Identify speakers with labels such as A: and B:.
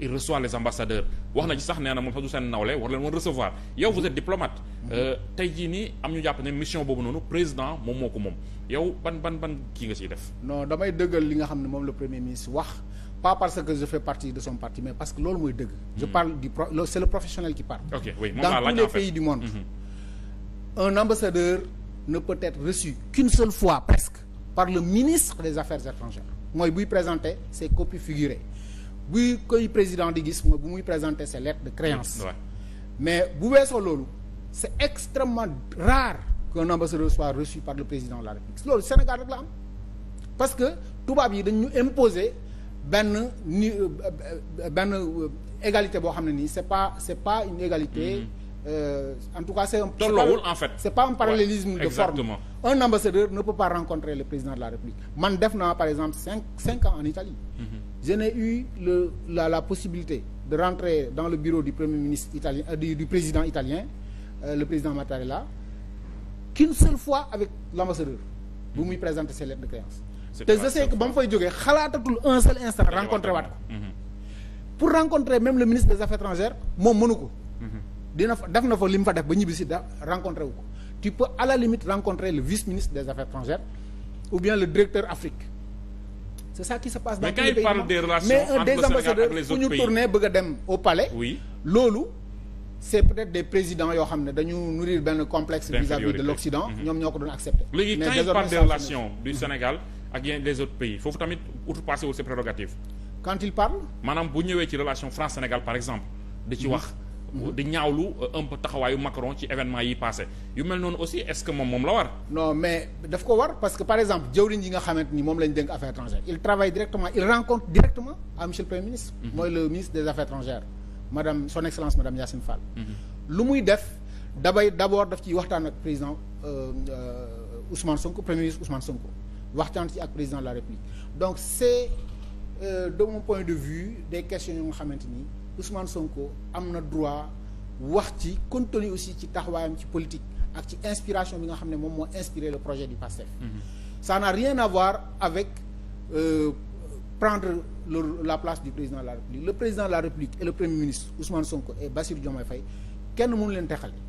A: il reçoit les ambassadeurs wax na ci sax nee na moom sax du seen nawle war leen woon recevoir yow vous êtes diplomate euh, tey jii nii am ñu jàpp ne mission boobu noonu président moom moo ko moom yow ban ban ban kii nga ciy def
B: non damay dëggal li nga xam ne moom la premier ministre wax pas parce que je fais partie de son parti mais parce que loolu mooy dëgg je hmm. parle du pro c'est le professionnel qui parle dans
A: tous les pays du monde hmm.
B: un ambassadeur ne peut être reçu qu'une par le ministre des affaires étrangères mooy buy buy koy président di gis mooy bu muy présenter ses lettres de créance ouais. mais bu weesoo loolu c'est extrêmement rare qu'un ambassadeur soit reçu par le président de la République loolu Sénégal rek am parce que tubaab yi dañu imposer benn euh, euh, euh, benn égalité boo xam ne nii c'est pas c'est pas une égalité mm-hmm. euh, en tout cas c'est un en fait c'est pas un parallélisme ouais, de exactement. forme un ambassadeur ne peut pas rencontrer le président de la République man def na par exemple cinq cinq ans en Italie mm eu le la, la possibilité de rentrer dans le bureau du premier ministre italien euh, du, président italien euh, le président Mattarella qu'une seule fois avec l'ambassadeur bu muy mhm. présenter ses lettres de créance te je sais que ba mu fay jógee xalaatatul un seul instant rencontré waat ko mhm. pour rencontrer même le ministre des affaires étrangères moom ko mhm. dina fa def na fa li mu fa def ba ñibbi si da rencontré wu ko tu peux à la limite rencontrer le vice ministre des affaires étrangères ou bien le directeur Afrique c'est ça qui se passe dans les bëgg a dem loolu c'est yoo xam ne dañu nourrir benn complexe mhm. ñoom ñoo ko doon accepté léegi quand il parle des relations
A: du Sénégal ak yeneen tamit outrepassé wul ses prérogatives quand il parle maanaam bu ñëwee ci relation France Sénégal par exemple di ci mhm. wax di ñaawlu euh, un peu taxawaayu Macron ci événement yi passé yu mel noonu aussi est-ce que moom moom la war
B: non mais daf ko war parce que par exemple jëwriñ yi nga xamante ni moom lañ dénk affaires étrangères il travaille directement il rencontre directement à monsieur le premier ministre mm-hmm. mooy le ministre des affaires étrangères madame son excellence madame Yacine Fall mm-hmm. lu muy def dabay d'abord daf ciy waxtaan ak président euh, euh, Ousmane Sonko premier ministre Ousmane Euh, de mon point de vue des questions yoo nga xamante ni Ousmane Sonko am na droit wax ci compte aussi ci taxawaayam ci politique ak ci inspiration bi nga xam ne moom moo inspiré le projet du PASTEF. Mm-hmm. ça n'a rien à voir avec euh, prendre le, la place du président de la République le président de la République et le premier ministre Ousmane Sonko et Bassirou Diomaye Faye kenn munu leen texale